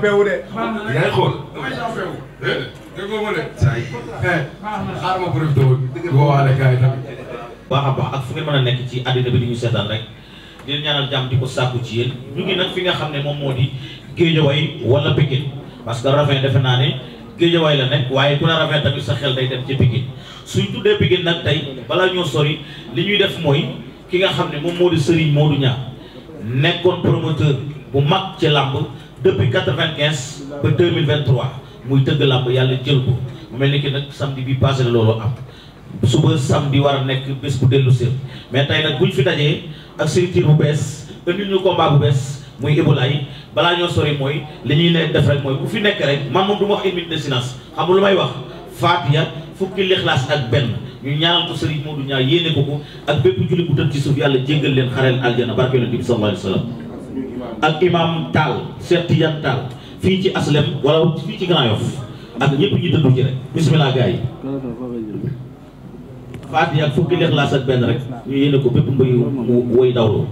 champion de. yaa ngi xool. mooy champion dégg baax a baax ak fu ngeen mën a nekk ci àddina bi di ñu seetal rek di leen ñaanal jàmm di ko sàkku ci yéen ñu ngi nag fi nga xam ne moom moo di Géejawaay wala Pikine parce que Ravin defe naa ne Géejawaay la nekk waaye ku ne Ravin tamit sa xel day dem ci Pikine suñ tuddee Pikine nag tey balaa ñoo sori li ñuy def mooy ki nga xam ne moom moo di Serigne Modou Niang nekkoon promoteur bu mag ci làmb depuis quatre-vingt-quinze ba deux mille vingt-trois muy tëgg làmb yàlla jël ko mu mel ni nag samedi bi passé la loolu am suba samedi war a nekk bés bu dellu si mais tey nag buñ fi dajee ak structure bu bees indi ñu combat bu bees muy ay balaa ñoo sori mooy li ñuy ne def rek mooy bu fi nekk rek man moom du ma wax une minute de silence lu may wax Faatiya fukki lixlaas ak benn ñu ñaanal ko Serigne Modou ñaa yéene ko ko ak bépp julli bu tëdd ci yàlla jéggal leen xareel aljana barke yonent ak imam Tall Cheikh Tidiane Tall fii ci aslem wala fii ci Grand Yoff ak ñëpp ñu dëddu ci rek bismillah gars yi faati ak fukki leex laas ak benn rek ñu yéene ko bépp mbuy woy dawlu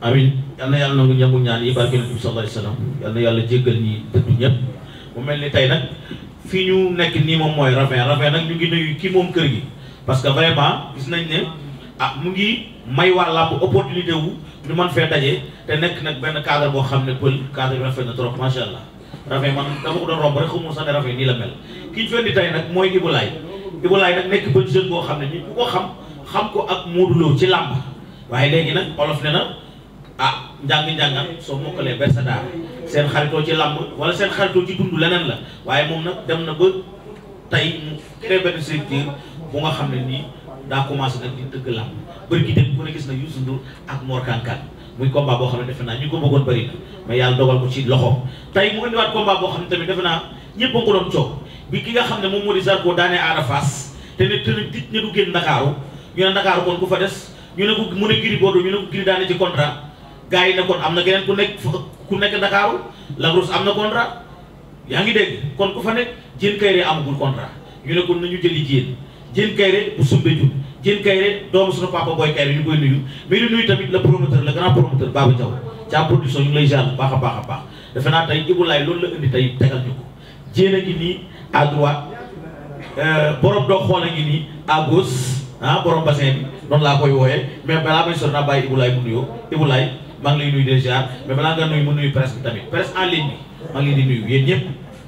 amin yal na yàlla nangu ñamu ñaan yi barke nabi sallallahu alayhi wasallam yal na yàlla jéggal ñi dëddu ñëpp mu mel ni tey nag fii ñu nekk nii moom mooy Ravin Ravin nag ñu ngi nuyu kii moom kër gi parce que vraiment gis nañ ne ah mu ngi may waa làmb opportunité wu ñu man fee daje te nekk nag benn cadre boo xam ne pël cadre bi rafet na trop macha allah rafet man dama ko doon romb rek xamul sax ne rafet nii la mel ki ñu fee di tey nag mooy Ibou Laye Ibou nag nekk benn jeune boo xam ne nit ku ko xam xam ko ak Modou Lo ci làmb waaye léegi nag olof ne na ah njàng-njàngam soo mokkalee bersa daara seen xaritoo ci làmb wala seen xaritoo ci dund leneen la waaye moom nag dem na ba tey mu créé benn structure bu nga xam ne nii daa commencé nag dëgg làmb bëri gi dem ku ne gis na Youssou Ndour ak Mor Kankan muy combat boo xam ne defe naa ko bëggoon bëri na mais yàlla dogal ko ci xam ne tamit defe naa ñëpp ki nga xam ne moom moo di Zarko daanee Ada Fass te ne tëna tij ne du ñu ne Ndakaaru kon ku fa des ñu ne ko mu ne Gris Bordeaux ñu ne ko Gris daane ci ku nekk ku nekk Ndakaaru Lagros am na contrat yaa ngi dégg kon ku fa nekk Diène Kaïré amagul contrat ñu ne kon nañu jëli Diène Diène Kaïré bu sumbe jul Diène Kairé doomu suñu papa Boy Kairé ñu koy nuyu mais ñu nuyu tamit le promoteur le grand promoteur Baba Diaw ca production ñu lay jaar bu baax a baax a baax defe naa tey Ibou Laye loolu la indi tey tegal ñu ko a ngi nii à droite euh, doo xool a ngi nii à gauche ah borom bi noonu laa koy wooyee mais balaa may sori naa bàyyi Ibou mu nuyoo Ibou Laye maa ngi lay nuyu déjà mais balaa nga nuyu mu nuyu presse bi tamit presse en bi maa ngi di nuyu yéen ñëpp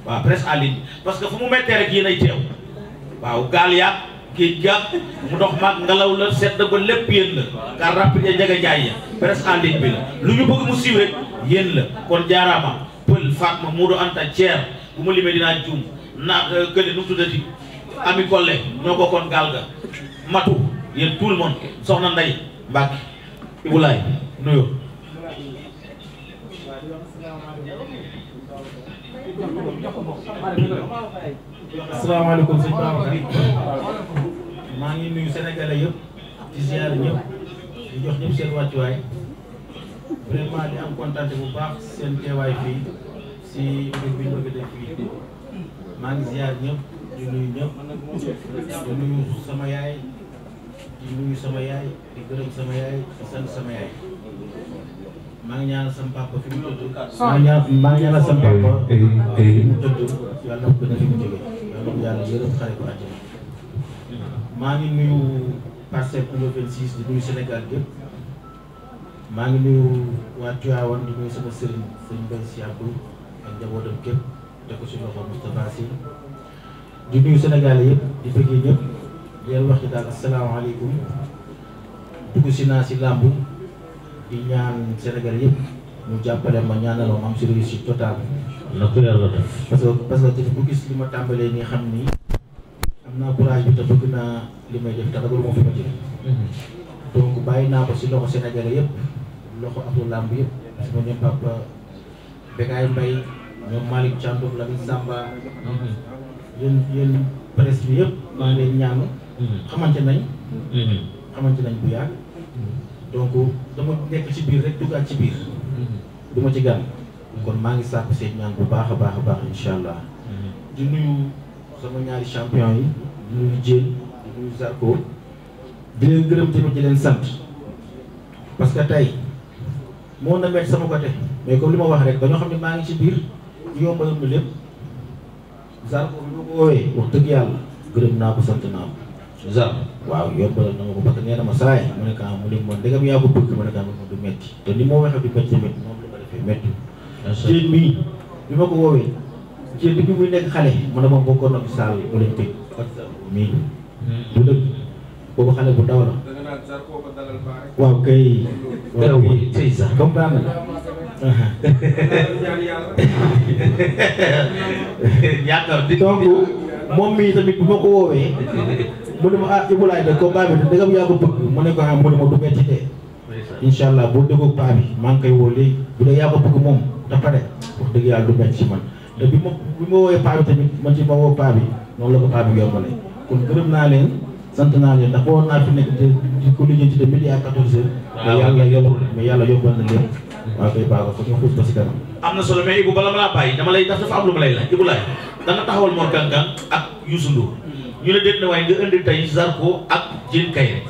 waaw presse en parce que rek yéen ay teew waaw géej ga mu dox maag ngelaw la sedd ba lépp yéen la car rapide ya jaga jaay ya presse en bi la lu ñu bëgg mu siiw rek la kon jaaraama pël Fatma Modou Anta Thier bu ma limee dinaa juum na euh, kële nu mu tuddati Ami Collé ñoo bokkoon gaal ga matu yéen tout le monde soxna Ndeye Mbacke Ibulaay nuyoo asalaamaaleykum sëñ Babacar maa ngi nuyu sénégalais yëpp ci ziar ñëpp di jox ñëpp seen wàccuwaay vraiment am kontaan bu baax seen teewaay fii si mbir bi ñu bëgg def fii maa ngi ziar ñëpp di nuyu ñëpp di nuyu sama yaay di nuyu sama yaay di gërëm sama yaay sama yaay. maa ngi ñaanal sama papa fi mu tëdd. maa ngi ñaanal a eh, eh, eh. fi mu jógee. yàlla na maa ngi nuyu Pastef Couleur 26 di nuyu Sénégal gépp maa ngi nuyu waa Tivaouane di nuyu sama sëriñ sëriñ Mbaye Sy Abdou ak njabootam gépp teg si loxo Moustapha di nuyu Sénégal yëpp di bëggee ñëpp di leen wax ci daal asalaamaaleykum dugg si naa si làmb. di ñaan Sénégal yëpp ñu jàppale ma ñaanal ma am si réussite totale. na ko yàlla def. parce que parce que bu gis li ma tàmbalee nii xam ni am naa courage bi te bëgg naa li may def te ragaluma fi ma jël. donc bàyyi naa ko si loxo Sénégal yëpp loxo ak làmb yëpp sama ñoom papa Bécaye Mbaye ñoom Malick la Lamine Samba. yéen yéen presse bi yëpp maa ngi leen mhm. xamante nañ. Mhm. xamante nañ bu yàgg. donc dama nekk ci biir rek duggaat ci biir. Mm-hmm. du ma ci gàmm. kon maa ngi sàkku seen ñaan bu baax a baax a baax incha allah. Mm-hmm. di nuyu sama ñaari champion yi di nuyu Diène di nuyu Zarko di leen gërëm tamit di leen sant parce que tey moo na mett sama côté mais comme li ma wax rek ba ñoo xam ne maa ngi ci biir yombaloon na lépp Zarko bi ma ko woowee wax dëgg yàlla gërëm naa ko sant naa ko. Suzanne waaw yombalal na ma ko parce que nee na ma saa yi mu ne ah mu ne ma ndegam yaa ko bëgg ma ne ah ma du métti te ni moo waxee du métti tamit moom la ma defee métti. jéeg mii bi ma ko woowee jéeg bi muy nekk xale ma ne ma bokkoon na fi salle olympique mii du dëgg boobu xale bu ndaw la. waaw kay. waaw kay tey sax comme daanaka. yaakaar di donc moom mii tamit bu ma ko woowee. mu ne ma ah Ibulaay de combat bi dëggam yaa ko bëgg mu ne ko ah mu ne ma du metti tee incha allah boo déggoo paa bi maa ngi koy woo léegi bu dee yaa bëgg moom te pare wax dëgg yàlla du metti ci man tamit ma woo paa bi noonu la ko paa bi naa leen sant naa leen ndax de midi ah, na lépp waaw kay baax foog nga xuus ba si kanam am na solo mais Ibou bala ma dafa am lu ma lay laaj Ibulaay da nga taxawal Mor Kang ak Youssou Ndour ñu ne déet na waaye nga indi tey Zarko ak Diène Kaïré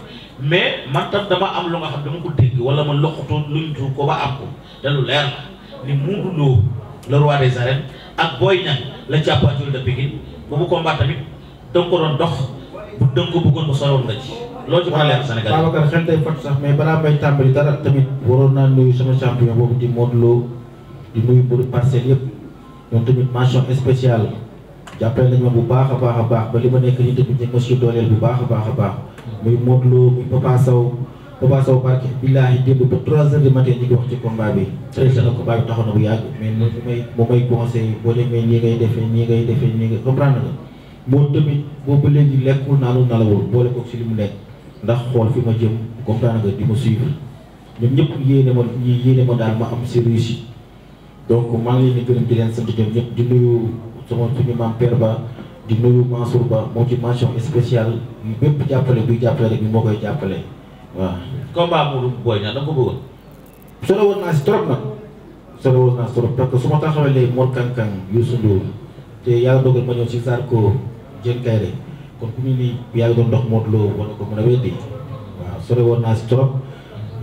mais man tam dama am lu nga xam dama ko dégg wala ma loxutoon luñ tuur ko ba am ko te lu leer la ni Modou Lo le roi des ak Boy Niang la càppatul de Pikine boobu combat tamit danga ko doon dox bu danga ko bëggoon ba soroon nga ci loolu ci mën a leer Sénégal Babacar xel tey fat sax mais balaa may tàmbali dara tamit waroon naa nuyu sama champion boobu di Modou Lo di nuyu bëri parcelle yëpp ñoom tamit jàppale nañ ma bu baax a baax a baax ba li ma nekk nii tamit ñu ma si dooleel bu baax a baax a baax muy Modou Lo muy Papa Sow Papa Sow barke billaahi démb ba trois heures du matin ñu ngi wax ci combat bi très bien combat bi taxaw na bu yàgg mais mu may nii may conseil boo demee ñii ngay defee ñii ngay defee ñii ngay comprendre nga moom tamit boobu ba léegi lekkul boole ko si li mu nekk ndax xool fi ma jëm comprendre nga di ma suivre ñoom ñëpp yéene ma yéene ma daal ma am si réussite donc maa ngi leen di gërëm di leen ñëpp di nuyu sama suñu maam Père Ba di nuyu Mansour Ba moom ci mention spéciale yu bépp jàppale buy jàppale rek bi moo koy jàppale waaw. combat mu booy ñaan da nga ko bëggoon. solo woon naa si trop nag solo woon naa si trop parce que su ma taxawee léegi Mor Kankan Youssou Ndour te yàlla dogal ma ñëw si Zarko Dieng Kayre kon ku ñu nii yaa ngi doon ndox Modou Lo war ko mën a weddi waaw solo woon naa si trop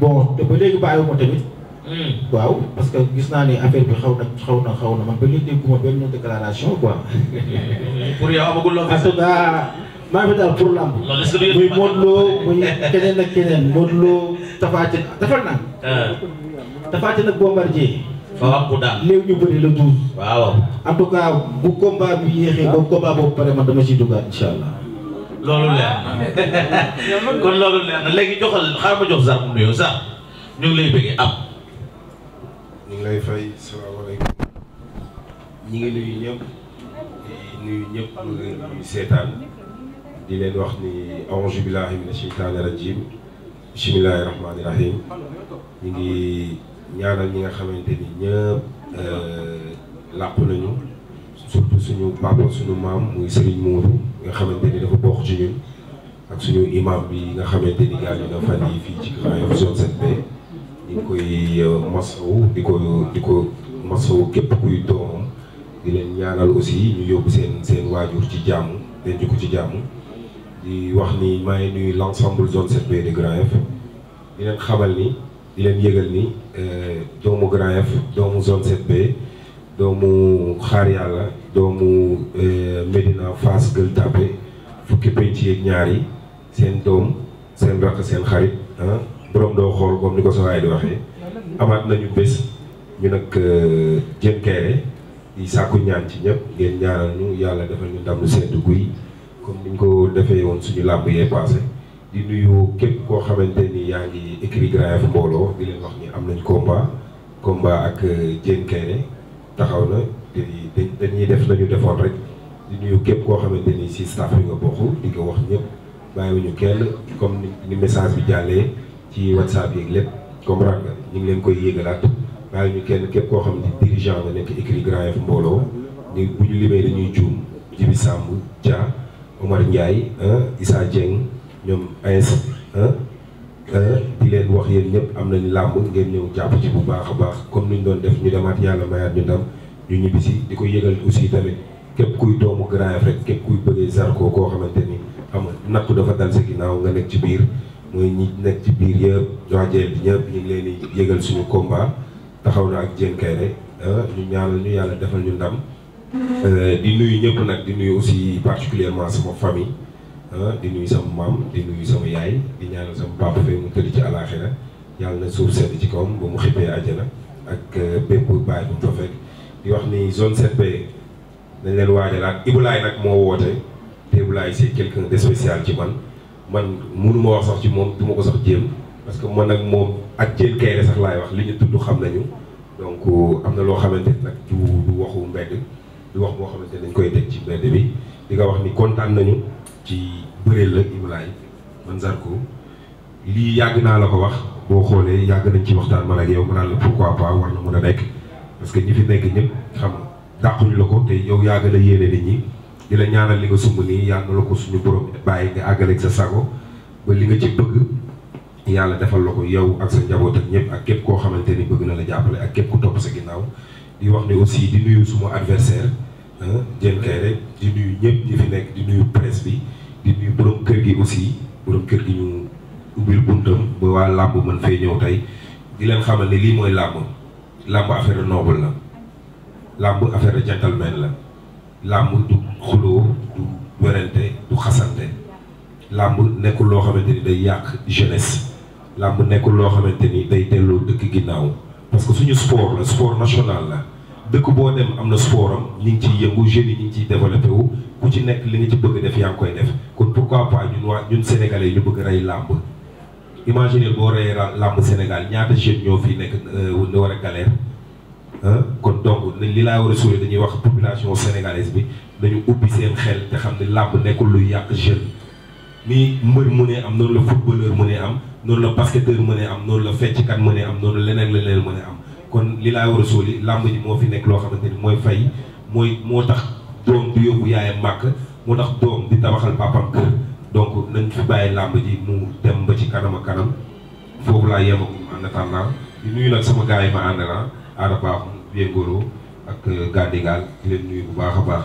bon te ba léegi bàyyiwuma tamit. Hmm. waaw parce que gis naa ni affaire bi xaw na xaw na xaw na man ba léegi dégguma benn déclaration quoi. pour yow que muy Modou Lo léegi ah. ñu bëri tout cas bu combat bi yéexee ah. léegi joxal xaaral ma jox sax mu nuyoo sax ñu ngi am. ñu ngi lay fay salaamaaleykum ñi ngi nuyu ñëpp seetaan di leen wax ni auzu billahi mina sheytaani rajim bismillahi rahmaani rahim ñu ngi ñaanal ñi nga xamante ni ñëpp euh, làqu nañu surtout suñu papa suñu maam muy Serigne Mourou nga xamante ni dafa bokk ci ñun ak suñu imam bi nga xamante ni gaañu na fan yi fii ci Grand Yoff zone 7B di koy euh, masawu di ko di ko masawu képp kuy doomam di leen ñaanal aussi ñu yóbbu seen seen waajur ci jàmm denc ko ci jàmm di wax ni maa ngi nuyu l'ensemble zone 7B de Grand Yoff di leen xamal ni di leen yëgal ni euh, doomu Grand Yoff doomu zone 7 doomu Xaar Yàlla doomu euh, Médina Fass Gueule Tapée fukki pénc ci ñaar yi seen doom seen rakk seen xarit borom doo xool comme ni ko sa waay di waxee amaat nañu bés ñu nag jëm euh, kayre di sàkku ñaan ci ñëpp ngeen ñaanal ñu yàlla defal ñu ndam lu sedd guy comme niñ ko defee woon suñu làmb yee passé di nuyu képp koo xamante ni yaa ngi écrit grave mbooloo di wax ni am nañ combat combat ak euh, taxaw na te dañuy def nañu defoon rek di képp koo xamante ni si staff bi nga bokk di ko wax ñëpp bàyyiwuñu kenn comme ni message bi jàllee ci whatsapp yeeg lépp comprendre nga ñu ngi leen koy yéegalaat bàyyi ñu kenn képp koo xam ne dirigeant nga nekk écrit Grand Yoff mbooloo ni bu ñu limee dañuy juum Djibi Samb Dia Omar Ndiaye Issa ñoom AS di leen wax yéen ñëpp am nañu làmb ngeen ñëw jàpp ci bu baax a baax comme ni ñu doon def ñu demaat yàlla mayaat ñu ndam ñu ñibbisi di koy yëgal aussi tamit képp kuy doomu Grand Yoff rek képp kuy bëggee Zarko koo xamante ni am nga napp dafa dal sa ginnaaw nga nekk ci biir muy ñi nekk ci biir yëpp waa Jeen bi ñëpp ñu ngi leen di yëgal suñu combat taxaw na ak Diène Kairé ah, ñu ñaanal ñu yàlla defal ñu ndam. Euh, di nuyu ñëpp nag di nuyu aussi particulièrement sama fami ah, di nuyu sama maam di nuyu sama yaay di ñaanal sama papa fee mu tëdd ci àllaaxira yàlla na suuf sedd ci kaw ba mu xippee àjjana ak euh, bépp bàyyi bu mu fa fekk di wax ni zone 7B dañ leen waajalaat Ibou Laye nag moo woote te Ibou Laye c'est quelqu'un de spécial ci man. man mënuma wax sax ci moom du ma ko sax jéem parce que man nag moom ak jéem kayre sax wax li ñu tudd xam nañu donc euh, am na loo xamante nag du du waxu mbedd du wax boo xamante nañ koy teg ci mbedd bi li nga wax ni kontaan nañu ci bëreel la Ibrahima man Zarko lii yàgg naa la ko wax boo xoolee yàgg nañ ci waxtaan man ak yow ma naan la pourquoi pas war na mën a nekk parce que ñi fi nekk ñëpp xam dàquñu la ko te yow yaa gën a yéene nit ñi di la ñaanal li nga sumb nii yàlla la ko suñu borom bàyyi nga àggaleeg sa sago ba li nga ci bëgg yàlla defal la ko yow ak sa njaboot ak ñëpp ak képp koo xamante ni bëgg na la jàppale ak képp ku topp sa ginnaaw di wax ne aussi di nuyu suma adversaire Diène Kairé di nuyu ñëpp ñi fi nekk di nuyu presse bi di nuyu borom kër gi aussi borom kër gi ñu ubbil buntam ba waa làmb man fee ñëw tey di leen xamal ne lii mooy làmb làmb affaire noble la làmb affaire gentleman la xuloo du werante du xasante làmb nekkul loo xamante ni day yàq jeunesse làmb nekkul loo xamante ni day dellu dëkk ginnaaw parce que suñu sport la sport national la dëkk boo dem am na sport am ñi ngi ciy yëngu jeunes yi ñi ciy développé wu ku ci nekk li nga ci bëgg def yaa ngi koy def kon pourquoi pas ñun waa ñun sénégalais ñu bëgg rey làmb imagine boo reyee làmb Sénégal ñaata jeunes ñoo fi nekk ni euh, war a kon donc li laa war a suuree dañuy wax population sénégalaise bi dañu ubbi seen xel te xam ne làmb nekkul luy yàq jeune ni mbër mënee am noonu la footballeur mënee am noonu la basketteur mënee am noonu la fecckat mënee am noonu la leneen leneen mënee am kon li laa war a sóoli ji moo fi nekk loo xamante ni mooy fay mooy moo tax doom du yóbbu yaayam màkk moo tax doom di tabaxal papam kër donc nañ fi bàyyi làmb ji mu dem ba ci kanam a kanam foofu laa yemagum en attendant di nuyu nag sama gars yi ma àndala aada ah, baaxum Vieux euh, bu baax a baax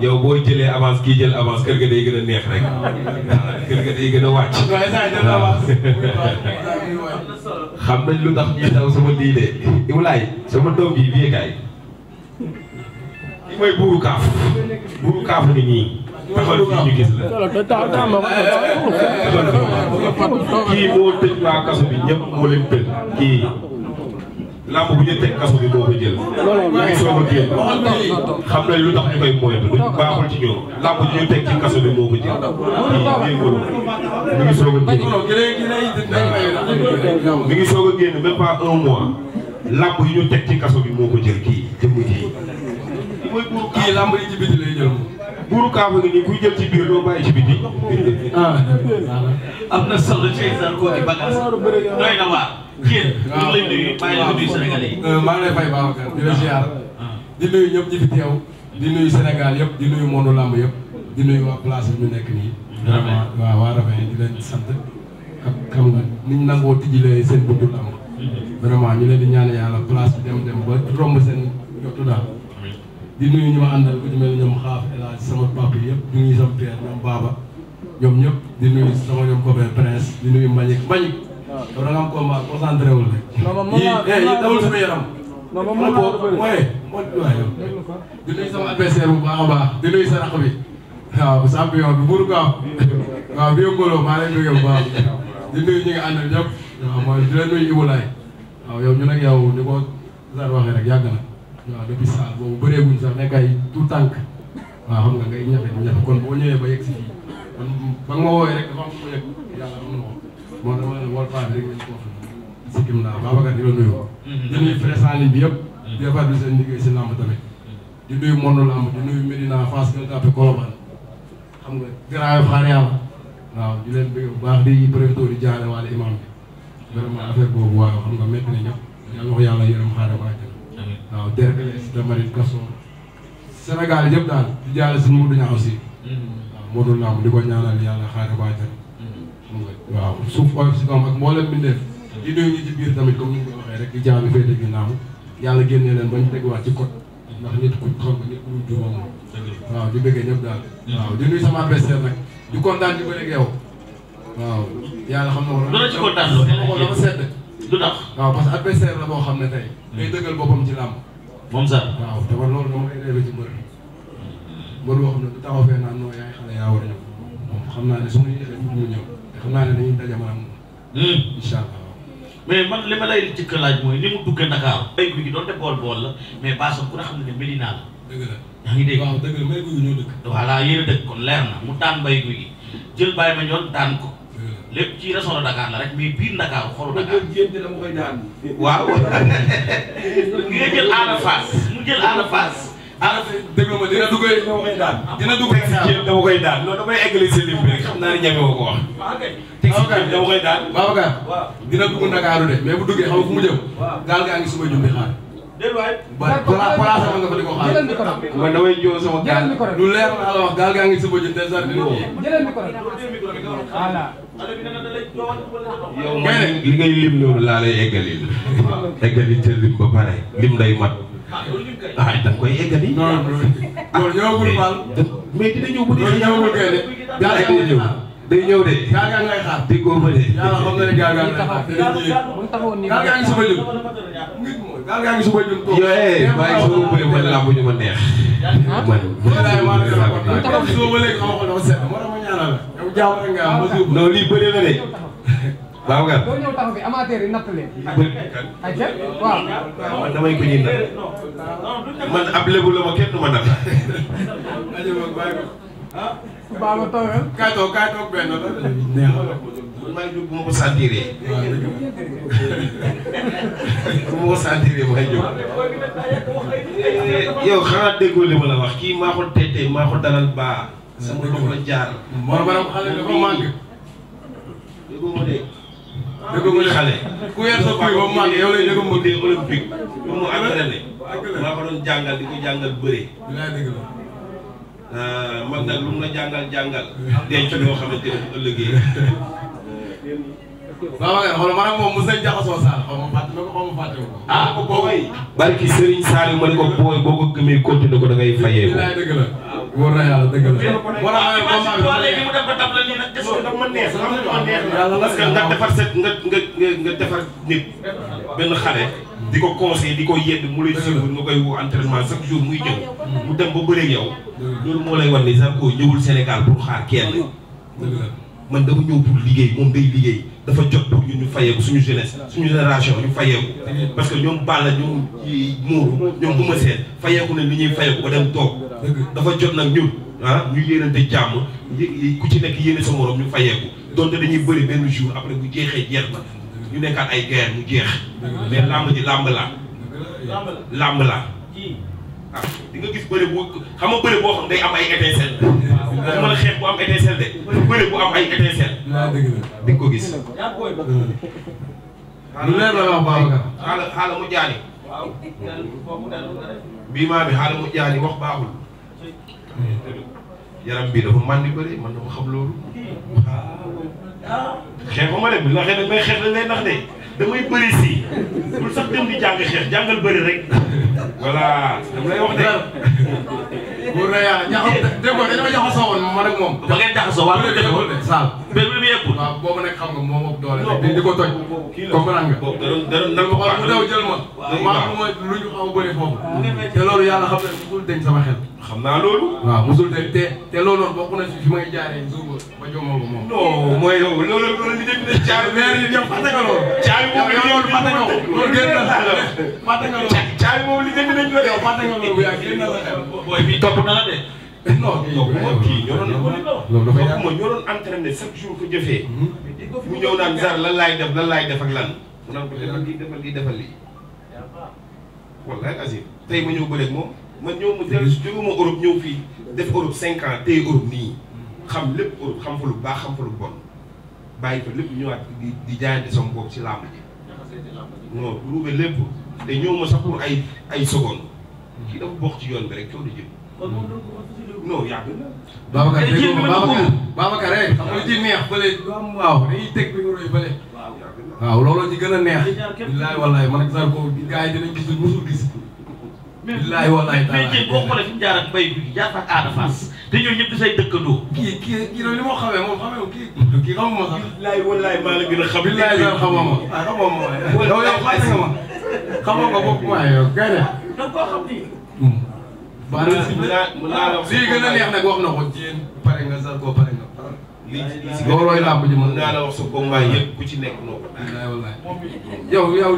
yow booy jëlee avance kii jël avance kër ga day gën a neex rek kër ga day gën a wàcc. xam nañ lu tax ñuy daw sama lii de Iwulaay sama doom yi i kaay ki mooy buuru kaaf buuru kaaf ni nii taxal fii kii moo tëj waa kaso bi ñëpp moo leen kii. làmb bu ñu teg kaso bi boo ko jël. loolu la ñu soog a génn xam nañ lu tax ñu koy moytu du baaxul ci ñoom làmb bu ñu teg ci kaso bi boo ko jël. mi ngi soog a génn mi ngi soog a génn même pas un mois làmb yu ñu teg ci kaso bi moo ko jël kii jëmm kii. kii làmb yi ci biti lay jël. buuru kaafu gi nii kuy jël ci biir doo bàyyi ci biti. ah am na solo ci koo ci bagage doy na waar. yéen ñu euh, maa ngi lay fay Babacar di di nuyu ñëpp ñi teew. di nuyu Sénégal yëpp di nuyu monde làmb yëpp. di nuyu waa place bi ñu nekk nii. vraiment waaw waa Rafael di leen sant. ak xam nga ni ñu nangoo tijjilee seen buntu làmb. Mm-hmm. vraiment ñu leen di ñaan yàlla place bi dem dem ba romb seen jotu daal. di nuyu ñi ma àndal ku ci mel ñoom xaaf El Hadj sama papa yëpp nuyu sama père Baba ñoom ñëpp di nuyu sama ñoom copain Prince di nuyu Mbagnick Mbagnick. waaw ah. yow da nga am combat concentré wul rek. non moom di nuyu sama adversaire bu baax a baax di nuyu sa rakk bi. waaw champion bi buur gaaw waaw bii ngolo maa lay nuyu bu baax di nuyu ñi nga àndal ñëpp waaw di nuyu Ibou Laye waaw yow ñu nag yow ni ko Zane waxee rek yàgg waaw depuis ça boobu bëreeguñ sax nekk ay tout tànk waaw xam nga ngay ñafe ñafe kon boo ba yegg si fii man ba nga ma woowee rek dafa am mu nekk yàlla am na ko moo tax ma ne war faa rek lañ ko si kim naa Babacar di la nuyu mhm. di nuyu presse en ligne bi mhm. di bi seen liggéey si làmb tamit mhm. di nuyu monde làmb di nuyu Medina Fass Gueule Tapée Colobane xam nga garaayu xaar yàlla di leen bëgg bu baax di prévito di jaale waale imam bi vraiment affaire boobu waaw xam nga métti na ñëpp yàlla wax yàlla yërëm xaare waaj waaw DRPS Damary Kaso Sénégal yëpp daal di jaale suñu Modou Niang aussi. Mm-hmm. waaw Modou Niang di ko ñaanal yàlla xaaral baajan. Mm-hmm. waaw suuf oyof si doom ak mboolem mbindeef. di nuyu ñi ci biir tamit comme ni nga ko waxee rek di jaami féete ginnaaw yàlla génnee leen bañ teguwaat ci code. ndax nit ku xam nga nit ku dul juróom moom. waaw di bëggee ñëpp daal. Mm-hmm. waaw di nuyu sama adversaire nag. di kontaan di bëri ak yow. waaw yàlla xam na ko. dama ci kontaan lool lu tax waaw parce que adversaire la boo xam ne tey. day dëggal boppam ci làmb. moom sax waaw te man loolu moom lay demee ci mbër mi. boo xam ne du taxaw fee naan non yaay xale yaa war a ñëw moom xam naa ne su ma yéexee pour mu ñëw te xam naa ne dañuy daje maanaam. Hmm. incha allah. mais man li ma lay jëkk a mooy ni mu duggee Dakar. mbéy mi gi doon te bool bool la mais Basson ku ne xam ne ne Medina la. dëgg la yaa ngi dégg waaw dëgg la mbéy mi gi ñoo dëkk. voilà a dëkk kon leer na mu daan lépp ci région de Dakar la rek mais biir Dakar xolu Dakar. dama koy daan. waaw. nga jël Ada Fass mu jël Ada Fass. Ada déggoo ma dina duggee dama koy daan. dina duggee si jéem dama koy daan loolu damay eggali si lim bi rek xam naa ne ñeme woo ko wax. Ah, teg si jéem dama koy daan. Babacar dina dugg Ndakaaru de mais bu duggee xam nga fu mu jëm. gaal gaa ngi suba jëm di xaar. déet waay ba balaa balaa sama nga fa di ko xaar jëlal micro bi man damay jiw sama gaal lu leer la wax gaal gaa ngi suba jëm des heures. jëlal micro bi voilà. yow man li ngay lim loolu laa lay eggali waaw eggali te lim ba pare lim day mat ah danga koy eggali. non non non ñëwagul Fall. mais dina ñëw bu dee ñëwagul kay de. jaajëf day ñëw day ñëw de. gaagaa ngay xaar di góob de. yàlla xam nga ne gaagaa ngay xaar day ñëw gaagaa ngi suba jëm. gaagaa ngi suba jëm. yooyee bàyyi suba bëri man làmb ñu ma neex. man. jaww non lii bëri na de. waaw nga. boo ñëw taxaw fi amateur yi natt leen. ay ca waaw. man damay bañ a natt man ab lébu la ma kenn du ma natt. baa ma toog rek. kaay toog kaay toog benn la. neex na maa ngi jóg bu ma ko sentiree. bu ma ko sentiree maa ngi jóg. Eh, yow xanaa déggoo li ma la wax kii maa ko teetee maa ko dalal baa. sama loxo jaar. moom maanaam xale dafa màgg. déggoo ma de. Ah, déggoo ma de xale. ku weer ah, ah, di ko jàngal bëre. mag nag lu mu la jàngal jàngal. denc loo xamante ne bu waaw waaw xool man ak moom mos nañ jaxasoo Sall ko xaw ko. ah boobu yi. ko booy fayee ko. nga defar set benn xale. di ko conseillé di ko yedd mu lay suivre nga koy woo entraînement chaque jour muy ñëw mu dem ba bëreeg yow loolu moo lay wan ne Zarko ñëwul Sénégal pour xaar kenn man dama ñëw pour liggéey moom day liggéey dafa jot pour ñu fayeeku suñu jeunesse suñu génération ñu fayeeku parce que ñoom Balla ñoom Mourou ñoom Eumeu Sène fayeeku nañ li ñuy fayeeku ba dem toog dafa jot nag ñun ah ñu yéenante jàmm ku ci nekk yéene sa morom ñu fayeeku donte dañuy bëri benn jour après bu jeexee jeex na ñu nekkaat ay guerre mu jeex mais làmb ji làmb laa làmb laa Ah, di nga gis bëre bu xam nga bëre boo xam day am ay étincelle. waaw mën a xeex bu am étincelle de. bëre bu am ay étincelle. waaw dëgg la di nga ko gis. Hmm. lu leer la wax Babacar. xaaral xaaral mu jaani. waaw bii maa bi xaaral mu jaani wax baaxul. Hmm. yaram bii dafa màndi bëri man dama xam loolu. Ah. xeexuma de bu ñu la xeexee may xeex dañ lay nax de. damay bëri si bul sax dem di jàng xeex jàngal bëri rek voilà dama lay wax de. bu rëy a ñax dégg nga dañoo jaxasoo woon man ak moom. ba ngeen jaxasoo waaw loolu yëpp de Sall. mbir mi yëpp. waaw boobu nag xam nga moom ak doole. di di ko toj. comprendre nga. dërëm dërëm nag ma mu daw jël ma. waaw ma lu ñu xaw a bëri foofu. te loolu yàlla xam na ne musul deñ sama xel. xam naa loolu. waaw musul deñ te te loolu noonu bokk na si fi may jaaree suuf ba jomoo ko moom. non mooy yow loolu loolu li jëm ne caabi weer yi yow fàtte nga loolu. caabi moom li jëm ne fàtte nga loolu. caabi moom li jëm ne ñu la yow fàtte nga loolu. booy bi topp naa de. Eh, non yow moo kii ñoo doon loolu dafay daal ñoo doon entraîné chaque jour ko jëfee. Mm-hmm. mu ñëw naan zar lan laay def lan laay def ak lan. mu naan ko defal lii defal lii defal lii. wallaay Azim tey ma ñëw bëreeg moom man ñëw mu teel mm-hmm. jóguma Europe ñëw fii def Europe cinq ans tey Europe nii mm-hmm. xam lépp Europe xam fa lu baax xam fa lu bon bàyyi fa lépp ñëwaat di di jaayante sama bopp ci làmb ji. non ruube lépp te ñëw ma sax pour ay ay secondes. kii dafa bokk ci yoon bi rek coono jëm. kon moom doo ko moom rek eh, xam nga ci neex bële waaw dañuy teg bi nga roy bële. waaw looloo ci gën a neex. billaay wallaay man ak Zarko gars yi dinañ gis lu musul gis. billaay wallaay taala mais boo xoolee fi mu jaar ak bay bi jaar ak aada faas moom xamee kii kii xamuma sax. billaay wallaay maa la gën a xam. billaay la xamoo ma ah xamoo ma waaye. yow yow xamoo ma xamoo ko bopp maa yow gën a. da nga koo xam ni. Hmm. lii gën a neex nag wax na ko. jéen pare nga Zarko pare nga. lii si loolooy làmb ji mën naa la wax sa combat yëpp ku ci nekk noo ko. yow yow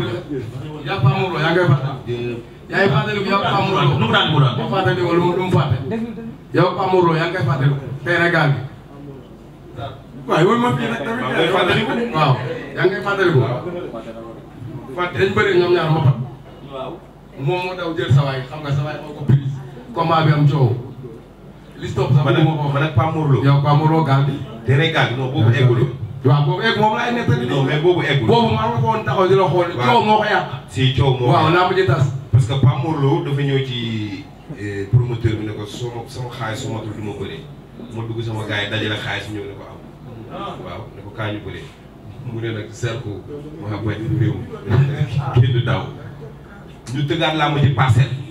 yaa Paa Mourlo yaa ngay fàttal. yaa ngi fàttaliku yow Paa Mourlo. nu mu daan mu daan boo fàttaliku lu mu fàtte. yow Paa Mourlo yaa ngay fàttaliku. tey rek gaal gi. waaw yooyu moom fii nag tamit. yaa ngay fàttaliku waaw yaa ngay fàttaliku. fàtte dañ bëri ñoom ñaar ma pat. waaw moom moo daw jël sa waay xam nga sa waay moo ko combat bi am coow. li topp sax bëgg ma ko man ak Pape Morlo. yow Pape Morlo gaal bi. tere gaal bi non boobu eggul. waaw boobu egg moom laay nettali. non mais boobu eggul. boobu maa ngi ko woon taxaw di la xool. waaw coow moo ko yàq. si coow moo ko yàq waaw naa ko ci tas. parce que Pape Morlo dafa ñëw ci eh, promoteur bi ne ko sama sama xaalis su matul du ma bëree. ma dugg sama gars yi dajale xaalis ñëw ne ko am. waaw ne ko kaa ñu bëree. mu ne nag cercle. ma xam bañ réew. kenn daaw. ñu tëggaat laa ma ci parcelle.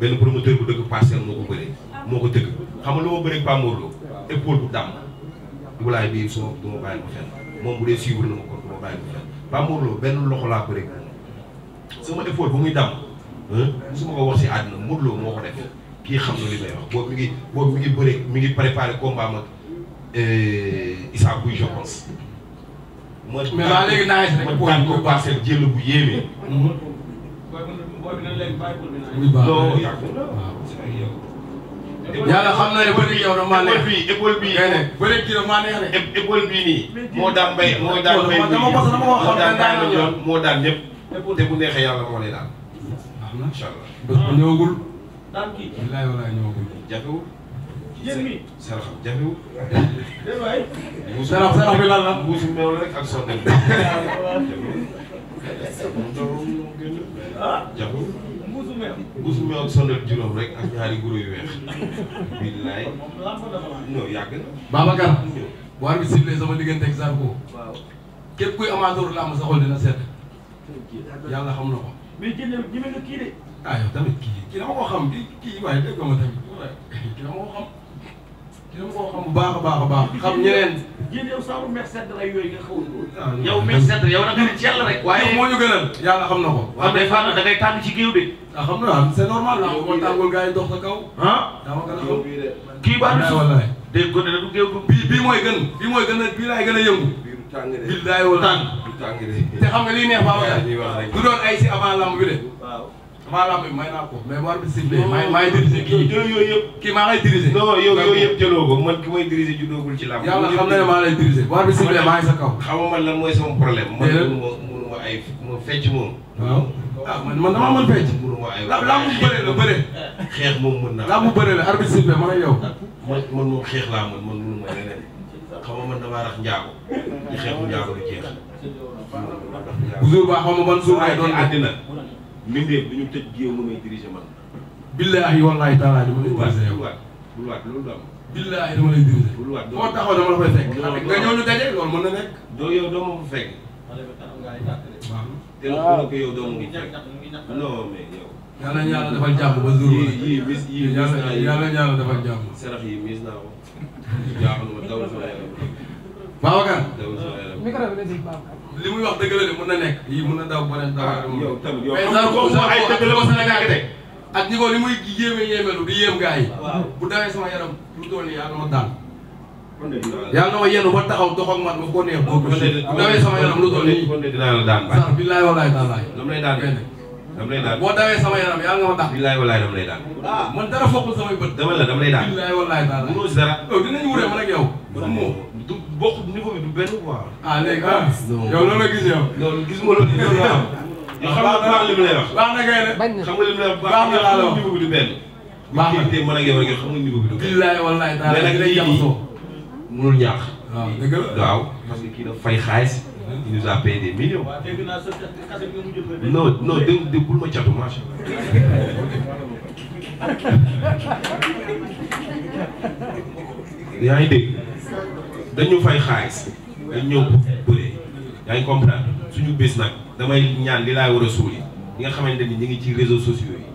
benn promoteur bu dëkk parcelle moo ko bëree moo ko tëgg xam nga lu ma bëree Pamorlo épaule bu dàmm wulaay bii su ma du ma bàyyi ko fenn moom bu dee suivre na ma kon du ma bàyyi ko fenn Pamorlo benn loxo laa bëree sama épaule bu muy dàmm su ma ko wax si àddina Modou Lo moo ko def kii xam na li may wax boobu mi ngi boobu mi ngi bëree mi ngi préparé combat mag euh, Issa Pouye je pense. mais waaw léegi naa yëg rek ma daan ko parcelle jël bu yéeme. Mm-hmm. yàlla xam na ne ba léegi yow da maa neex bii école bii ba léegi da maa neex ne école bii nii moo daan bay moo daan bay moo daan daan yoon moo daan ñëpp te bu neexee yàlla moo lay daan incha allah bés bu ñëwagul bilaay walaay ñëwagul jafewul sarax jafewul sarax sarax bi lan la mbuusu meew la rek ak sonne ah jaxul mbuusu meew mbuusu meew ak sonal juróom rek ak ñaari guro yu weex billaay non yàgg na Babacar war bi sible sama diggante ak Zarko képp la am sa xol dina sedd yàlla xam na ko mais jël ñi mel ne kii de ah yow tamit kii kii dama ko ma tamit kii dama ko xam dina bu baax a baax a baax xam ñeneen. yéen yow saabu mer sedd rek yooyu nga ah, sedd yow da nga ne ci rek. waaye moo ñu gënal yàlla xam na ko. waaw day fànn da ngay tàng ci géew de. ah xam naa c'est normal. yow ah, moo tàngul gars yi dox sa kaw. ah a xam kii baax na wallaay dégg ko ne du géew bii bii bii mooy gën a bii laay gën a bii du tàng de bii laay wala tàng. du tàng de te xam nga liy neex baax a du doon ay si avant lamb bi de. maa laa koy may naa ko mais war bi sifflé maay maay diriger kii jël yooyu yëpp kii maa ngay diriger non yow yooyu yëpp jëloo ko man ki may diriger ju doogul ci làmb yàlla xam na ne maa lay diriger war bi sifflé maa ngi sa kaw xamuma lan mooy sama problème man mënuma mënuma ay ma fecc moom waaw ah man man damaa mën fecc mënuma ay làmb bu bëre la bëre xeex moom mën naa làmb bu bëre la arbitre sifflé ma yow man man moom xeex laa mën man mënuma leneen xam nga man damaa rax njaago di xeexu njaago di jeex bu jour baa xaw ma ban jour ay doon àddina mbindee du ñu tëj géew mu may diriger man. billaahi wallaahi taalaa dama lay diriger yow. bul waat loolu du am. billaahi dama lay diriger. bul waat foo taxaw dama la koy fekk. nga ñëw na nekk. doo yow ma fa fekk. waaw te yow doo ma fa fekk. non mais yow. yàlla ñaar dafa jàmm ba jour. yii yii mis yii mis naa yi ma dawul li muy wax dëgg la de mën na nekk. yii mën na daw ba ren daw. Ah, yow tamit yow comme ay dëgg la ko Sénégal teg ak ñi ko li muy yéeme yéemelu di yéem gars yi. bu dawee sama yaram lu toll nii yàlla ma daan. yàlla na ma yenu ba taxaw dox ak man ma ko neex. bu dawee sama yaram lu toll nii. kon de dinaa la daan bàyyi. sax billaay walaay taalaay. dama lay daan dama lay daan boo dawee sama yaram yàlla nga ma daan. billaay walaay dama lay daan. ah man dara fokkul samay bët. dama la dama lay daan billaay walaay taalaay. mënoo si dara. dinañu wuree man ak yow. du bokk niveau bi du benn quoi. ah léegi ah. ah yow loolu la gis yow. loolu gis nga loolu loolu la am. yow xam nga baax li mu lay wax. baax na kay de. bañ na xam nga li mu lay wax baax na la niveau bi du benn. baax na tey mën a yow rek xam nga niveau bi du benn. billaay wallaay daal léegi lay jaxasoo. mënul ñàkk. waaw ah, dëgg la waaw parce que kii dafa fay xaalis. Mm-hmm. il nous a payé des millions. non non dégg dégg bul ma catu marché. yaa ngi dégg. dañu fay xaalis dañ ñëw bëree yaa ngi comprendre suñu bés nag damay ñaan li laay war a suuli ñi nga xamante ni ñu ngi ci réseaux sociaux yi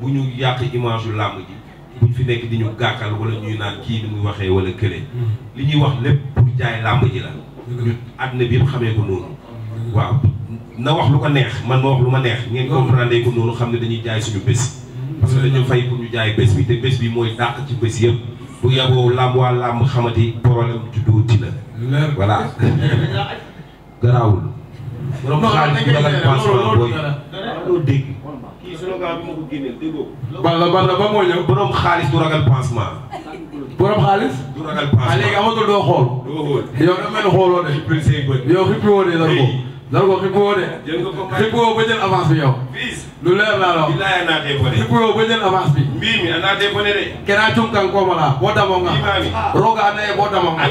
bu ñu yàq image yu làmb ji buñ fi nekk di ñu gàkkal wala ñuy naan kii ni muy waxee wala kële mm-hmm. li ñuy wax lépp pour jaay làmb ji la mm-hmm. ñu àdduna bi yëpp xamee ko noonu mm-hmm. waaw na wax lu ko neex man ma wax lu ma neex ngeen comprendre ko noonu xam ne dañuy jaay suñu bés parce que dañu fay pour ñu jaay bés bi te bés ci bés bu yaboo làmb waa làmb xamati problème judduuti la. voilà. garaawul. borom xaalis bu ak passeport booy. loo dégg. kii slogan bi ma ko génneel déggoo. balla balla ba moo ñëw. borom xaalis du ragal pansement. borom xaalis. du ragal pansement ah, léegi amatul doo xool. doo xool yow da mel ni xooloo de. yow xippi woo de la ko. Zarko xippoo de. jël nga ko bàyyi xippoo ba jël avance bi yow. lu leer laa la wax. xippoo ba jël avance bi. mbii mi ana déponé de. kera cunkan koomala boo damoo nga. roga anaye boo damoo nga.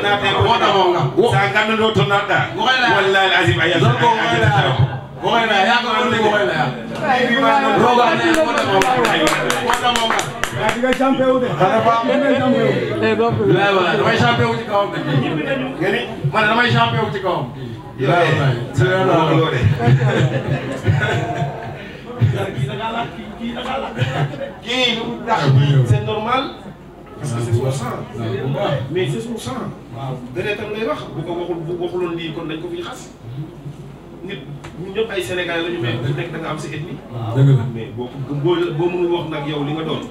boo damoo nga. sa ngando do to nada. wallahi azim ayya. Zarko wala ya. Wala ya ko wala ya. Roga anaye boo damoo nga. Boo damoo nga. yaa diga champion de. xanaa ba am na champion. eh donc. damay champion ci kawam de. nga ni man damay champion ci kawam. laay tëral naa la loole. kii da ngaa laaj kii da ngaa laaj. kii lu mu tax c'est normal. parce que c'est son sang. mais c'est son sang. waaw deretam lay wax bu ko waxul bu waxuloon lii kon dañ ko fiy xas. nit ñun ñëpp ay Sénégalais lañu mais ku nekk da nga am sa ethnie. Ah, dëgg la mais boo boo boo mënul wax nag yow li nga doon.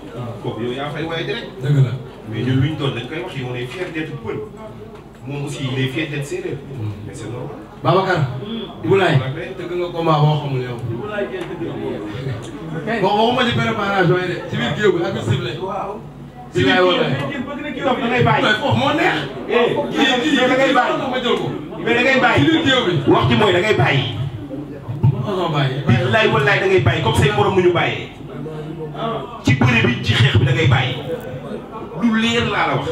kooku ah. yow yaa fay waaye direct. dëgg la mais ñun lu ñu doon dañ koy wax yow on est fier d'être Peul. moom aussi il est fier d'être séeréer. Mm. mais c'est normal. Babacar. Ibulaay tëgg nga combat boo xamul yow. bon waxuma ci préparation yi de ci biir géew bi ak biir cible. ci biir géew bi da ngay bàyyi. foofu moo neex. Eh, kii kii da ngay bàyyi ma jël ko. mais da ngay bàyyi ci biir géew bi. wax ci mooy da ngay bàyyi. non bàyyi. billaay wallaay da ngay bàyyi comme say morom mu ñu bàyyee. ci bëri bi ci xeex bi da ngay bàyyi. lu leer laa la wax.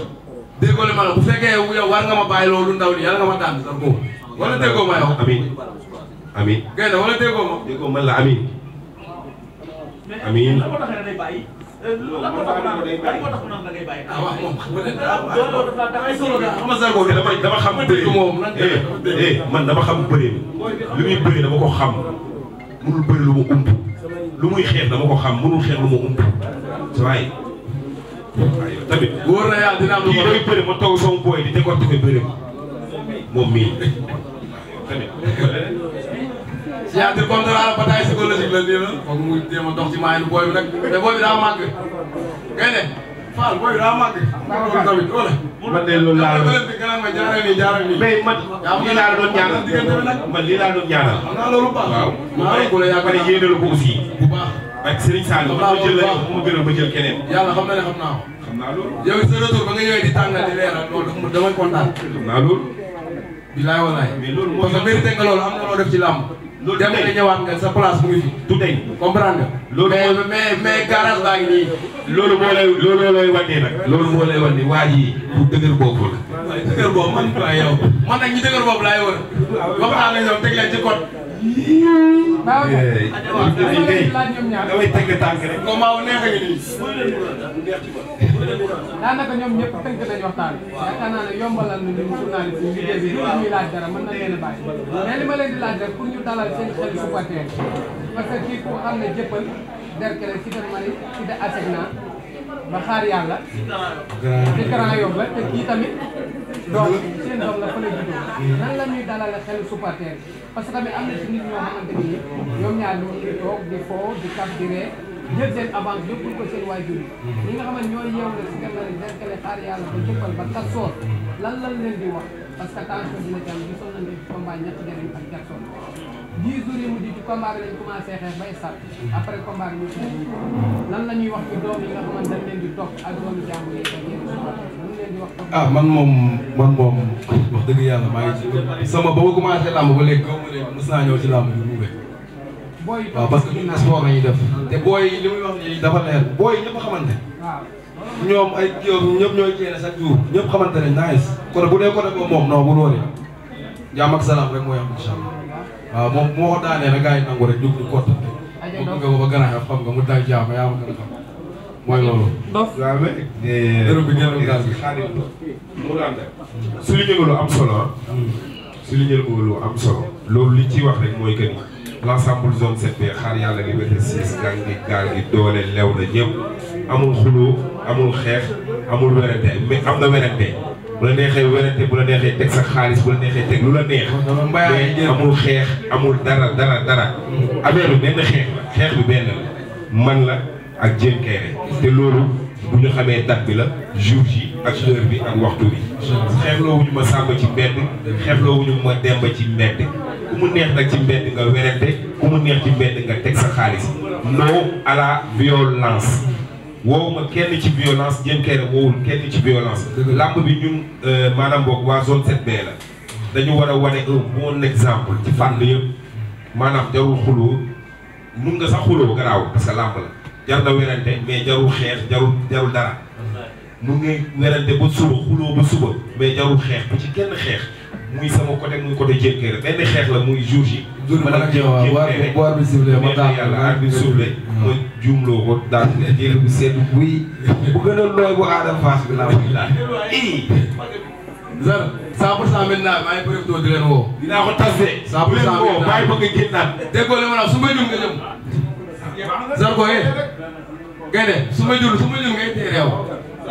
déggoo la ma bu fekkee yow war nga ma bàyyi loolu ndaw li yàlla nga ma daan sax moom. wala déggoo ma yow. amiin amiin. gën wala déggoo ma. déggoo man la amiin. amiin. loolu lan moo tax naan day bàyyi euh, lan moo tax naan da ah, moom xam nga ne dama xam bëri moom eh, eh, man dama xam bëri li muy bëri dama ko xam mënul bëri lu ma lu muy xeex dama ko xam mënul xeex lu ma ump waaye. waaye yow tamit. wóor na yàlla dina am lu ma kii day bëri ma toog moom mii. signature contrat la bataille psychologique la nii la foog mu jéem a dox ci maay booy bi nag te booy bi daa màgg kay ne Fall booy bi daa màgg. tamit wala. man de loolu laa doon ma jaaree nii jaaree nii. mais man lii laa doon ñaanal man lii laa doon ñaanal. xam naa loolu baax waaw. maa ngi koy yaakaar ne yéene la ko aussi. bu baax. ak Serigne Sall ma jël la ma gën a ma jël keneen. yàlla xam na ne xam naa ko. xam naa loolu. yow sa retour ba nga ñëwee di tàngal di leeral loolu dama kontaan. xam naa loolu. bilaay walaay mais loolu parce que mérité nga loolu am na loo def ci làmb. loolu dem nga ñëwaat nga sa place mu ngi fi. tout tey comprendre nga. loolu mais mais mais garage baa ngi nii. loolu moo lay loolu lay wàññi nag. loolu moo lay wàññi waa ji pour dëgër boobu la. waaye dëgër boobu man waaye yow man nag ñi dëgër boobu laay wër wax naa la ñoom teg leen ci code. damay tëgg tànk rek. combat bu neex a ngi nii. daanaka ñoom ñëpp tënk nañu waxtaan bi. yaakaar naa ne yombalal nañu journaliste yi liggéey bi li ñuy laaj dara mën na leen a bàyyi. mais li ma leen di laaj rek pour ñu dalal seen xel supporter parce que kii ku xam ne jëppal derkele ci de Mali ci de Asegna. ma xaar yàlla. ci Grand Yoff la te kii tamit. doom seen doom la fa la nan la ñuy xel supporter parce que tamit am na ci nit ñoo xamante ni ñoom ñaar ñoo ngi toog di foo di kaf di ree jël seen avance yóbbul ko seen waajur yi. ñi nga xam ne ñooy yeewu la si gànnaaw derkale xaar yàlla ba jëppal ba tas soor lan lan leen di wax parce que dina jàll gisoon nañ ne combat ñett jëriñ ak Jackson. 10 jours yi mujj ci combat bi lañ commencé xeex bay sàtt après combat bi ñu lan la ñuy wax ci doom yi nga xamante dañ leen di topp ak doomu jàmbur yi leen di wax. ah man moom man moom wax dëgg yàlla maa ngi sama ba ma commencé làmb ba léegi kaw ma ne mës naa ñëw ci làmb bi mu ngi waaw parce que ñun sport nañu def. te booy li muy wax nii dafa leer booy ñëpp xamante. ñoom ay kii ñëpp ñooy ceele chaque jour ñëpp xamante ne nice. kon bu dee côté boobu moom non bu doole jàmm ak salaam rek mooy am incha allah waaw ah, moom moo ko daanee rek gars yi nangu rek jóg ñu nga ko ba gën a xam nga mu dal jaama yaa ma gën a xam mooy loolu. su li ñëw am solo ah. su li ñëw am solo. loolu li ci wax rek mooy que ni l'ensemble zone 7B xaar yàlla liberté 6 gaa ngi gaa ngi doole lew na ñëpp amul xuloo amul xeex amul werante mais am na werante. bu la neexee wérante bu la neexee teg sa xaalis bu la neexee teg lu la neex. mais amul xeex amul dara dara dara. Mm. affaire bi benn xeex la xeex bi benn la man la ak Diène Kairé te loolu bu ñu xamee date bi la jour ji ak heure bi ak waxtu bi. xeexloo wuñu ma sàmba ci mbedd xeexloo wuñu ma ci mbedd ku mu neex nag ci mbedd nga wérante ku mu neex ci mbedd nga teg sa xaalis non à violence. woowuma kenn ci violence Diène Kaïré woowul kenn ci violence. làmb bi ñun euh, maanaam boog waa zone 7B la. dañu war a wane un bon exemple ci fànn yëpp maanaam jarul xuloo mun nga sax xuloo garaaw parce que làmb la jar na werante mais jarul xeex jarul jarul dara. mun ngay werante ba suba xuloo ba suba mais jarul xeex bu ci kenn xeex. muy sama côté muy côté Diène Kaïré benn xeex la muy jour yi. ma nag Diène Kaïré bu arbitre bi sifflé ma tax yàlla arbitre sifflé hmm. ma juumloo ko daal jël bu sedd buy bu gën a looy bu aada faas bi laa muy daal ii zar cent pour cent maintenant maa ngi profité di leen woo dinaa ko tas de cent pour cent maintenant bàyyi ma nga génnaat déggoo li ma naan su may jum nga jëm zar ko eh gaynde su may su ma junne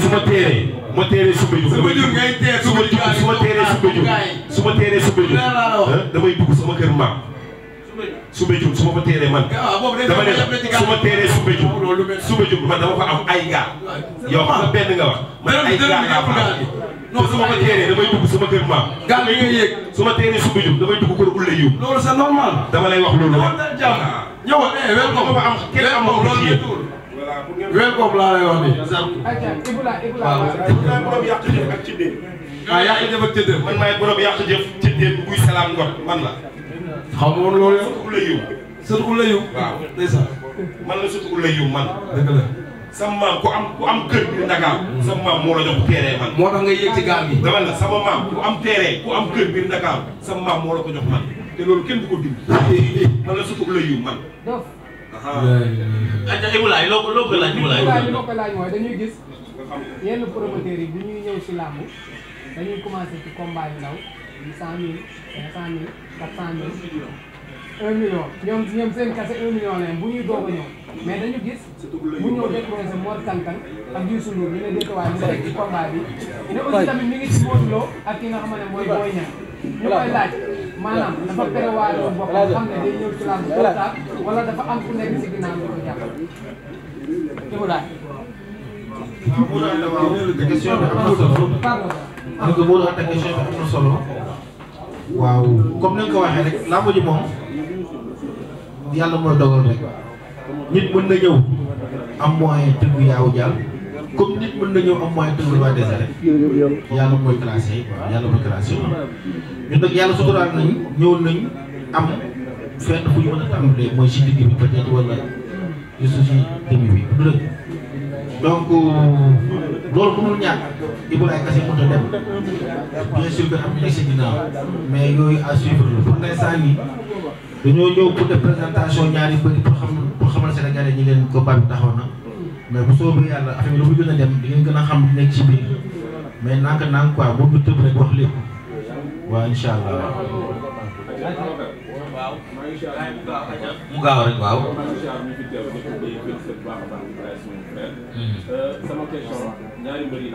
su ma teeree ma teeree su ma junne. su ma junne ngay teel su ma junne su ma teeree su ma junne su ma teeree su ma junne damay dugg sama kër maam. Soumbédioune su ma fa teeree man. Ah, dama ne la su ma teeree Soumbédioune. Soumbédioune man dama fa am ay gaal. yow xam nga benn nga wax. man ay gaal laa fa am. su ma fa teeree damay dugg sama kër maam. gaal yi ngay yëg. su ma teeree Soumbédioune damay dugg kër Ulle Youm. loolu c'est normal. dama lay wax loolu. dama la jàmm ñëwal eh welcome. am kenn am loolu weer boobu laa lay wax nii. waaw. maay borom yàq jëf ak ci déet. ah yàq jëf ak ci man maay borom yàq jëf ci déet buy salaam ngor man la. xam woon loolu yow. sëtu ulayu. sëtu ulayu. waaw man la la. sama maam ku am kër bi Ndakaaru. sama maam moo la jox terrain man. moo tax ngay yëg ci gaal gi. dama la sama maam ku am terrain ku am kër bi Ndakaaru sama maam moo la ko jox man te loolu kenn du ko dindi. man la sëtu ulayu man. waaw. Ah, Ibou Laye loo loo koy laaj Ibou Laye. li ma ko laaj mooy dañuy gis yenn promoteurs yi bu ñuy ñëw si làmb dañuy commencé ci combat yu ndaw huit cent mille cinq cent mille quatre cent mille un million ñoom ñoom seen kase un million la bu ñuy doog a ñëw mais dañu gis mu ñëw décroché Mor Kankan ak Youssou Ndour ñu ne dëkk waaye mu nekk ci combat bi. ne aussi tamit mi ngi ci Modou Lo ak ki nga xam ne mooy Boy Niang ñu koy laaj. maanaam dafa prévoir boppam waaw comme ni nga ko waxee rek làmb ji moom yàlla mooy dogal rek nit mën na am moyen tëggu yaaw jàll. comme nit mën nañoo am moyen de roi des arènes yàlla mooy classé yàlla mooy classé ñun nag yàlla suturaal nañ ñëwoon nañ am fenn fu ñu mën a tàmbalee mooy si digg bi a dem mais yooyu à la pour l'instant nii dañoo ñëw pour def présentation ñaari bëri pour xam pour xamal Sénégalais ñi leen ko bari taxaw na. mais bu soobee yàlla affaire lu mu jot a dem di ngeen gën a xam nekk ci biir mais nank nank quoi bu ñu tëb rek wax lépp waaw incha allah waaw. mu gaaw rek waaw. Euh, sama question ñaari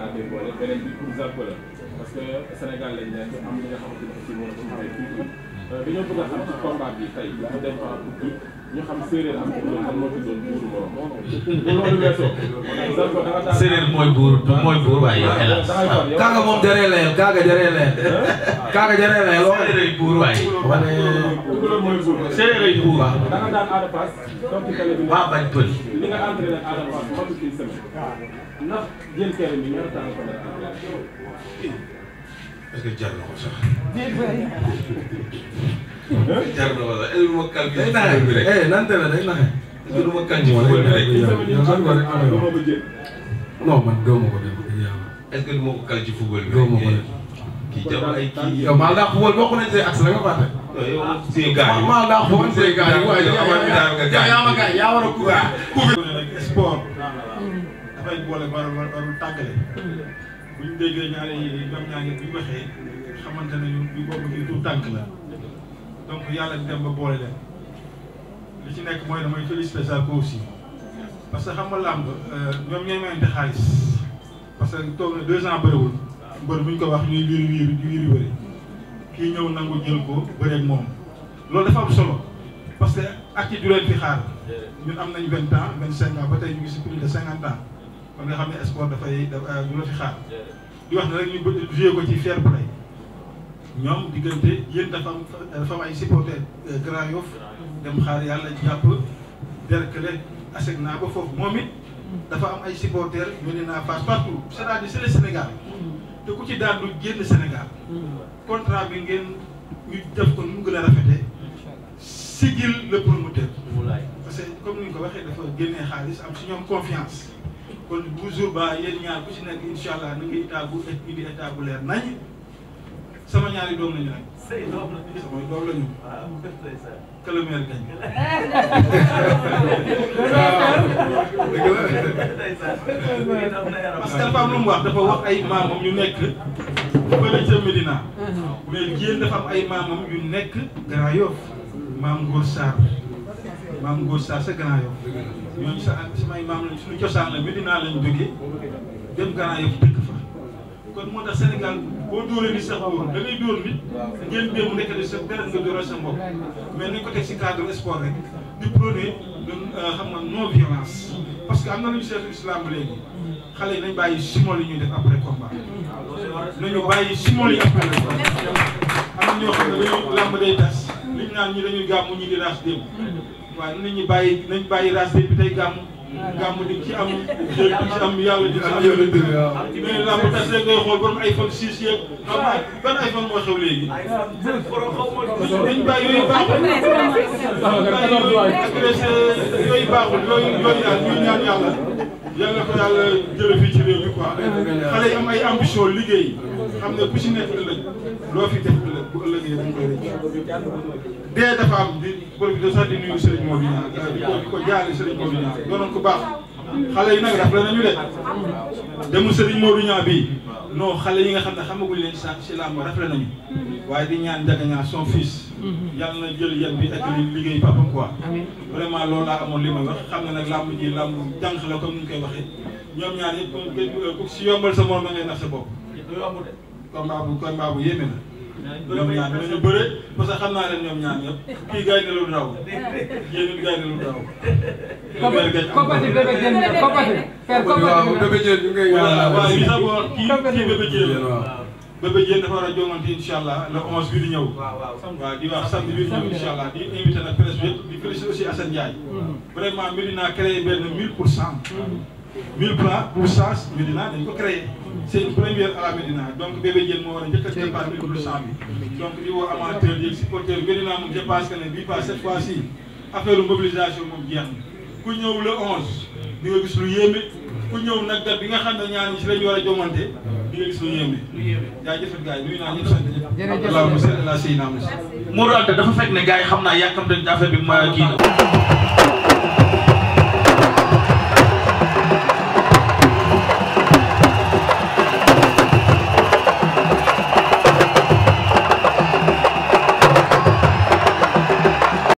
euh, a xam ñu xam séeréer am tuuram lan moo tuddoon buuru morom. bu loolu weesoo. séeréer mooy buur mooy buur waaye nga daan aada paas. maa bañ pël. li nga entraîné aada paas xamul ci semaine. ndax jël kere bi ñaata temps la ko def. est-ce que jar na wala est-ce que ma kàll bi. day naxe day naxe. est-ce que du ma kànji wala rek. non man gëw ma ko de yàlla. est-ce que du ma ko kàll ci football bi. gëw ma ko de kii jàpp ay kii. yow maa daa football bokk nañ say axe la nga fàtte. yow seen gars yi maa daa football seen gars yi waaye yaa ma gars yaa war a couvrir. sport. dafay boole war warul tàggale. bu ñu déggee ñaari ñoom ñaari bu ñu waxee xamante ne ñun bi bokk ci tout tànk la. donc yàlla di dem ba boole leen li ci nekk mooy damay tëli spécial ko aussi parce que xam nga làmb euh, ñoom ñooy mayante xaalis parce que toog na deux ans bëriwul mbër bu ñu ko wax ñuy wiiri wiiri wiiri wëri kii ñëw nangu jël ko bëreeg moom loolu dafa am solo parce que ak ci du leen fi xaar ñun am nañ vingt ans vingt cinq ba tey ñu ngi si de cinquante ans kon nga xam ne sport dafay euh, du la fi xaar di wax ne rek ñu joué ko ci fair ñoom diggante yéen dafa am dafa am ay supporter euh, Grand Yoff dem xaar yàlla jàpp Derklé aseg naa ba foofu moom it dafa am ay supporter ñu naa passe partout c'est-à-dire Sénégal te ku ci daan du génn Sénégal contrat bi ngeen ñu def ko nu mu gën a rafetee sigil le promoteur parce que comme ni ñu ko waxee dafa génnee xaalis am si ñoom confiance kon bu jour ba yéen ñaar ku si nekk incha allah na ngi indi état leer nañ sama ñaari doom lañu nag. say doom la ñu. samay doom ah, mu wax dafa wax ay maamam yu nekk. fële ca Médina. mais Diène dafa am ay maamam yu nekk Grand Yoff. maam Ngor Sarr. maam Ngor Sarr sa Grand Yoff. sa samay maam lañ suñu cosaan la Médina lañ fa kon moo tax boo dóoree ni sax dóor da ngay dóor nit ngeen bee mu nekk ni sa deret nga dóoral sa mbokk mais nañ ko teg si cadre sport rek di prôné euh, xam nga non violence parce que am na lu ñu seetlu islam ba léegi xale yi nañ bàyyi simon yi ñuy def après combat nañu bàyyi simon yi après le combat am na ñoo xam ne dañuy làmb day tas liñ naan ñi dañuy gàmmu ñi di raas démb waaye nañu bàyyi nañ bàyyi raas démb gàmm di ci am jéeg di ci am yàlla di ci am yàlla dëgg waaw mais làmb tas rek ngay xool borom iPhone 6 yeeg xam nga ban iPhone moo xew léegi dañ bàyyi yooyu baaxul bàyyi yooyu baaxul yooyu yooyu daal ñuy ñaan yàlla yal na ko yàlla jële fii ci réew mi quoi xale yi am ay ambition liggéey xam ne bu ci nekk ëllëg loo fi def ëllëg bu ëllëgee dee dafa am di bërëb bi de sax di nuyu Serigne Mobina di ko di ko jaale Serigne Mobina doonoon ko baax xale yi nag rafet nañu de demu Serigne Modou ñaa bii non xale yi nga xam ne xamaguñ leen sax si làmb rafet nañu waaye di ñaan jaga ñaa son fils yàlla na jël yet bi ak li liggéey papam quoi vraiment lo laa amoon li ma wax xam ne nag làmb ji làmb jànq la ko ni ñu koy waxee ñoom ñaar yëpp ku si yombal sa moom na ngay nax sa bopp loolu amul de combat bu combat bu na ñoom ñaar ñooñu bëre parce que xam naa leen ñoom ñaar ñëpp kii gaay ne lu ndaw yéen it gaay ne lu ndaw. kopati bébé jën kopati. fer kopati bébé jën ñu ngay waaw li sax wax kii kii bébé jën bébé jën dafa war a jongante incha allah le onze bi di ñëw. waaw di wax samedi bi di ñëw incha allah di invité nag presse bi yëpp di félicité aussi Assane Ndiaye. Mm. vraiment mbir naa créé benn 1000 pour cent. Mm. mille plans pour change Médina dañ ko créé c'est une première à la Médina donc bébé jën moo war a njëkk a dépassé mille pour cent bi donc di moom je pense que ne bii pas cette fois ci affaire mobilisation moom jeex na ku ñëw le onze di nga gis lu yéeme ku ñëw nag date bi nga xam ne ñaar ñi si la ñu war a jomante di nga gis lu yéeme jaajëfal gars yi nuyu naa ñëpp sant ñëpp jërëjëf monsieur la Seyna Moussa Mor dafa fekk ne gars yi xam naa yàkkamte affaire bi ma kii